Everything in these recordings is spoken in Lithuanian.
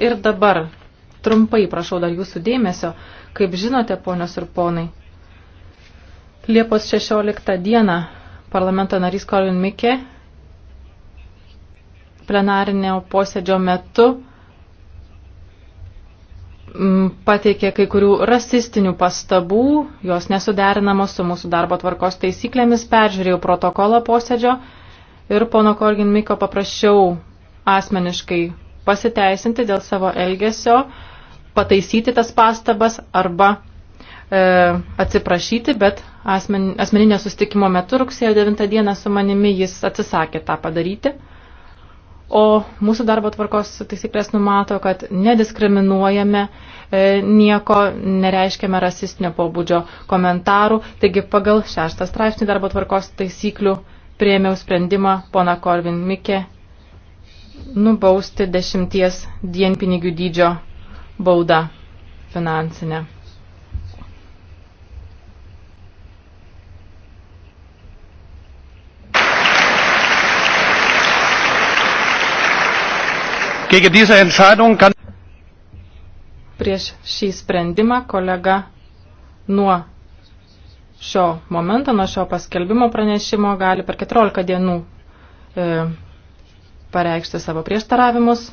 Ir dabar, trumpai prašau dar jūsų dėmesio, kaip žinote, ponios ir ponai, Liepos 16 dieną parlamento narys Colin Mike plenarinio posėdžio metu mm, pateikė kai kurių rasistinių pastabų, jos nesuderinamos su mūsų darbo tvarkos taisyklėmis, peržiūrėjau protokolą posėdžio ir pono Korgin Miko paprašiau asmeniškai pasiteisinti dėl savo elgesio, pataisyti tas pastabas arba e, atsiprašyti, bet asmen, asmeninio sustikimo metu rugsėjo 9 dieną su manimi jis atsisakė tą padaryti. O mūsų darbo tvarkos taisyklės numato, kad nediskriminuojame e, nieko, nereiškiame rasistinio pobūdžio komentarų. Taigi pagal šeštą straipsnį darbo tvarkos taisyklių prieėmiau sprendimą pona Korvin Mikė nubausti dešimties dienpinigių dydžio baudą finansinę. Gegen diese Entscheidung kann Prieš šį sprendimą kolega nuo šio momento, nuo šio paskelbimo pranešimo gali per 14 dienų e, pareikšti savo prieštaravimus.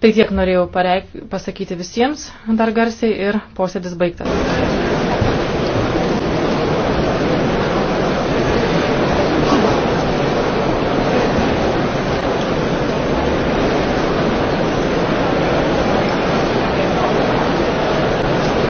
Tai tiek norėjau pareik, pasakyti visiems dar garsiai ir posėdis baigtas.